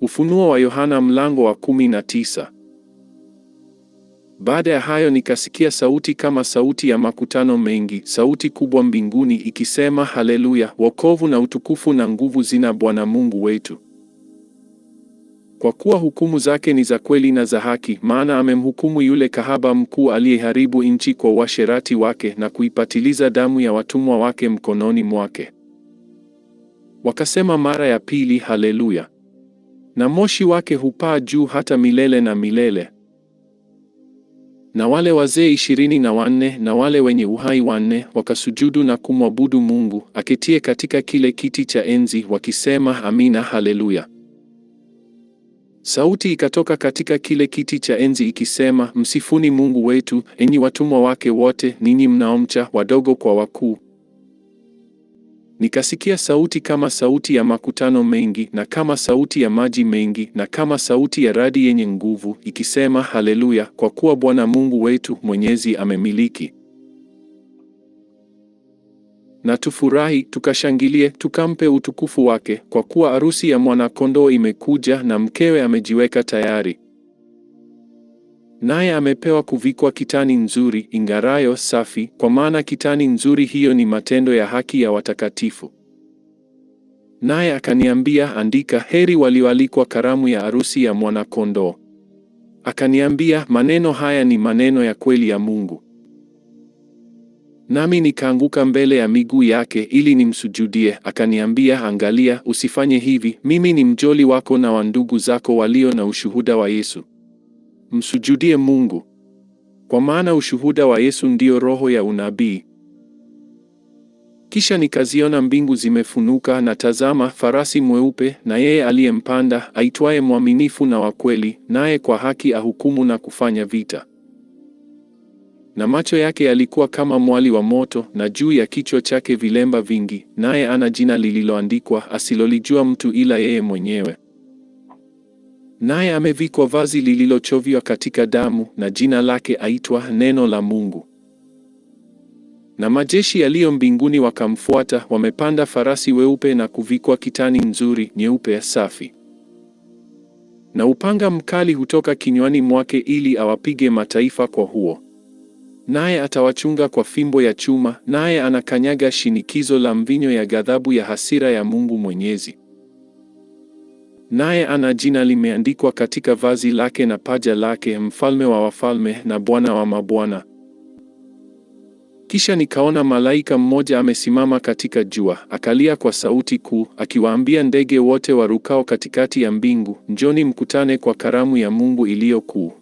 Ufunuo wa Yohana mlango wa kumi na tisa. Baada ya hayo nikasikia sauti kama sauti ya makutano mengi, sauti kubwa mbinguni ikisema, Haleluya! Wokovu na utukufu na nguvu zina Bwana Mungu wetu, kwa kuwa hukumu zake ni za kweli na za haki, maana amemhukumu yule kahaba mkuu aliyeharibu nchi kwa uasherati wake, na kuipatiliza damu ya watumwa wake mkononi mwake. Wakasema mara ya pili, Haleluya! na moshi wake hupaa juu hata milele na milele. Na wale wazee ishirini na wanne na wale wenye uhai wanne wakasujudu na kumwabudu Mungu aketie katika kile kiti cha enzi, wakisema amina, haleluya. Sauti ikatoka katika kile kiti cha enzi ikisema, msifuni Mungu wetu, enyi watumwa wake wote, ninyi mnaomcha, wadogo kwa wakuu. Nikasikia sauti kama sauti ya makutano mengi, na kama sauti ya maji mengi, na kama sauti ya radi yenye nguvu, ikisema, Haleluya! Kwa kuwa Bwana Mungu wetu Mwenyezi amemiliki. Na tufurahi tukashangilie, tukampe utukufu wake, kwa kuwa arusi ya mwanakondoo imekuja, na mkewe amejiweka tayari naye amepewa kuvikwa kitani nzuri ing'arayo safi, kwa maana kitani nzuri hiyo ni matendo ya haki ya watakatifu. Naye akaniambia, andika, heri walioalikwa karamu ya arusi ya Mwanakondoo. Akaniambia, maneno haya ni maneno ya kweli ya Mungu. Nami nikaanguka mbele ya miguu yake ili nimsujudie. Akaniambia, angalia, usifanye hivi. Mimi ni mjoli wako na wa ndugu zako walio na ushuhuda wa Yesu msujudie Mungu, kwa maana ushuhuda wa Yesu ndiyo roho ya unabii. Kisha nikaziona mbingu zimefunuka, na tazama, farasi mweupe, na yeye aliyempanda aitwaye Mwaminifu na wa kweli, naye kwa haki ahukumu na kufanya vita. Na macho yake yalikuwa kama mwali wa moto, na juu ya kichwa chake vilemba vingi, naye ana jina lililoandikwa asilolijua mtu ila yeye mwenyewe naye amevikwa vazi lililochovywa katika damu, na jina lake aitwa Neno la Mungu. Na majeshi yaliyo mbinguni wakamfuata, wamepanda farasi weupe na kuvikwa kitani nzuri nyeupe ya safi, na upanga mkali hutoka kinywani mwake, ili awapige mataifa kwa huo naye atawachunga kwa fimbo ya chuma, naye anakanyaga shinikizo la mvinyo ya ghadhabu ya hasira ya Mungu Mwenyezi. Naye ana jina limeandikwa katika vazi lake na paja lake, mfalme wa wafalme na Bwana wa mabwana. Kisha nikaona malaika mmoja amesimama katika jua, akalia kwa sauti kuu, akiwaambia ndege wote warukao katikati ya mbingu, njoni mkutane kwa karamu ya Mungu iliyo kuu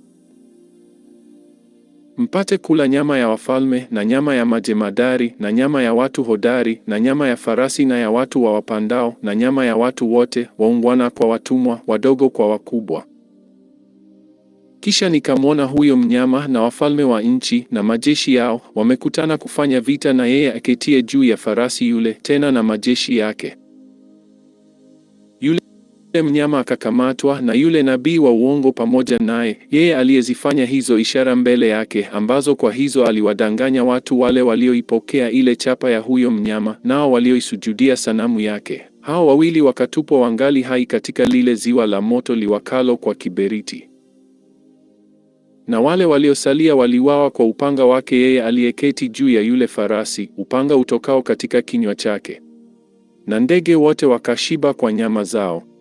mpate kula nyama ya wafalme na nyama ya majemadari na nyama ya watu hodari na nyama ya farasi na ya watu wa wapandao na nyama ya watu wote, waungwana kwa watumwa, wadogo kwa wakubwa. Kisha nikamwona huyo mnyama na wafalme wa nchi na majeshi yao wamekutana kufanya vita na yeye aketie juu ya farasi yule, tena na majeshi yake yule yule mnyama akakamatwa na yule nabii wa uongo pamoja naye, yeye aliyezifanya hizo ishara mbele yake, ambazo kwa hizo aliwadanganya watu wale walioipokea ile chapa ya huyo mnyama, nao walioisujudia sanamu yake. Hao wawili wakatupwa wangali hai katika lile ziwa la moto liwakalo kwa kiberiti. Na wale waliosalia waliwawa kwa upanga wake yeye aliyeketi juu ya yule farasi, upanga utokao katika kinywa chake. Na ndege wote wakashiba kwa nyama zao.